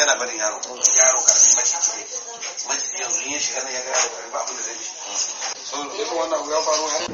yana barin yaro yaro karami mace yanzu yin shiga nan ya ga yaro karami ba abin da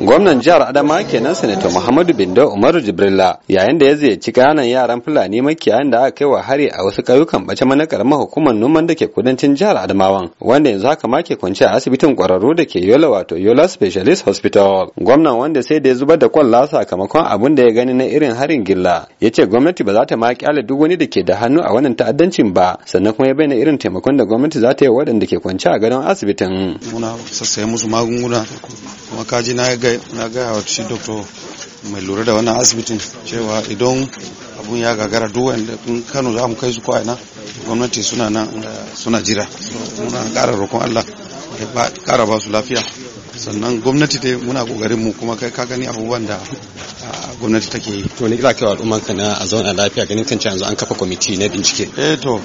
Gwamnan jihar Adama kenan Sanata Muhammadu Bindo Umaru Jibrilla yayin da ya ziyarci kananan yaran Fulani makiyayan da aka kai wa hari a wasu ƙauyukan bace mana karamar hukumar noman da ke kudancin jihar Adamawan wanda yanzu haka ma ke kwance a asibitin ƙwararru da ke Yola wato Yola Specialist Hospital. Gwamnan wanda sai da ya zubar da kwalla sakamakon abin da ya gani na irin harin gilla ya ce gwamnati ba za ta ma kyale duk wani da ke da hannu a wannan ta'addancin ba sannan kuma ya bayyana irin taimakon da gwamnati za ta yi waɗanda ke kwance a gadon asibitin. Muna musu magunguna kuma kaji na gaya wa shi doktor mai lura da wani asibitin cewa idan abun ya gagara duk wanda in kano za mu kai su ko'ina gwamnati suna nan suna jira muna kara roƙon allah ya kara ba su lafiya sannan gwamnati ta muna ƙoƙarin mu kuma kai ka gani abubuwan da gwamnati take yi to ni kira kai al'umman ka na a zauna lafiya ganin kan yanzu an kafa kwamiti na bincike eh to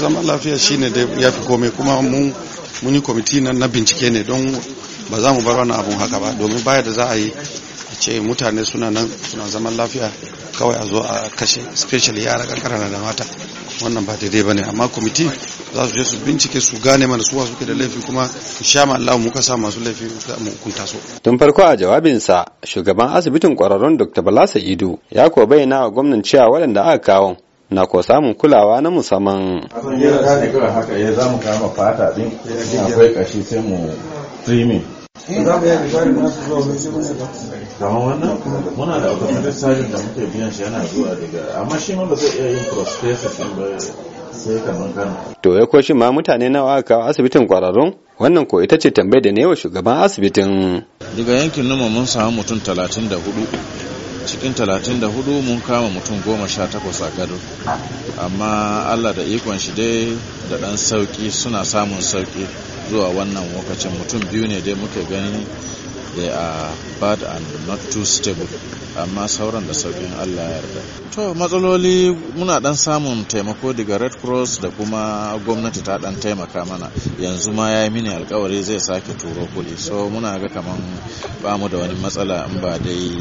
zaman lafiya shine da yafi komai kuma mun mun yi kwamiti na bincike ne don ba za mu bar wannan abun haka ba domin baya da za a yi a ce mutane suna nan suna zaman lafiya kawai a zo a kashe special yara kankara da mata wannan ba daidai ba ne amma kwamiti za su je su bincike su gane mana suwa suke da laifi kuma su sha ma mu muka sa masu laifi mu hukunta su. Tun farko a jawabinsa shugaban asibitin kwararrun Dr. Bala ido ya ko bayyana wa gwamnan cewa waɗanda aka kawo na ko samun kulawa na musamman. Asan yi da haka ya eh, za mu kama fata din akwai kashi sai mu su yi mai kamar wannan muna da automatic sajin da muke biyan shi yana zuwa daga amma shi ma ba zai iya yin prosthesis ba sai kamar kano to ya kwashi ma mutane nawa aka kawo asibitin kwararrun wannan ko ita ce tambayar da ne wa shugaban asibitin daga yankin noma mun samu mutum talatin da hudu cikin 34 mun kama mutum 18 a gado amma allah da ikon shi dai da dan sauki suna samun sauki zuwa wannan lokacin mutum biyu ne dai muke gani they are bad and not too stable amma sauran da sauƙin allah ya yarda to matsaloli muna dan samun taimako daga red cross da kuma gwamnati ta dan taimaka mana yanzu ma ya yi mini alkawari zai sake turo kuli so muna ga kamar ba mu da wani matsala in ba dai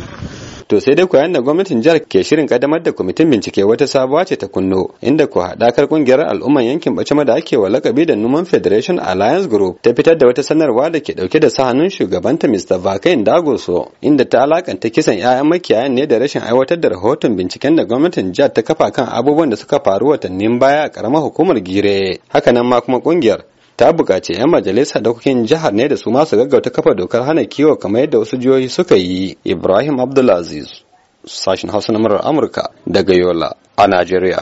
To sai dai koyan da gwamnatin jihar ke shirin kaddamar da kwamitin bincike wata sabuwa ce ta kunno inda ko haɗakar kungiyar al'umman yankin bacema da ake wa lakabi da Numan Federation Alliance Group ta fitar da wata sanarwa da ke ɗauke da sahanun shugabanta Mr. Vakain Dagoso inda ta alakanta kisan 'ya'yan makiyayan ne da rashin aiwatar da rahoton binciken da gwamnatin jihar ta kafa kan abubuwan da suka faru watannin baya a karamar hukumar Gire. Hakanan ma kuma kungiyar ta buƙaci 'yan majalisa da kukin jihar ne da su masu gaggauta kafa dokar hana kiwo kamar yadda wasu jihohi suka yi ibrahim abdulaziz sashen hausa na murar amurka daga yola a najeriya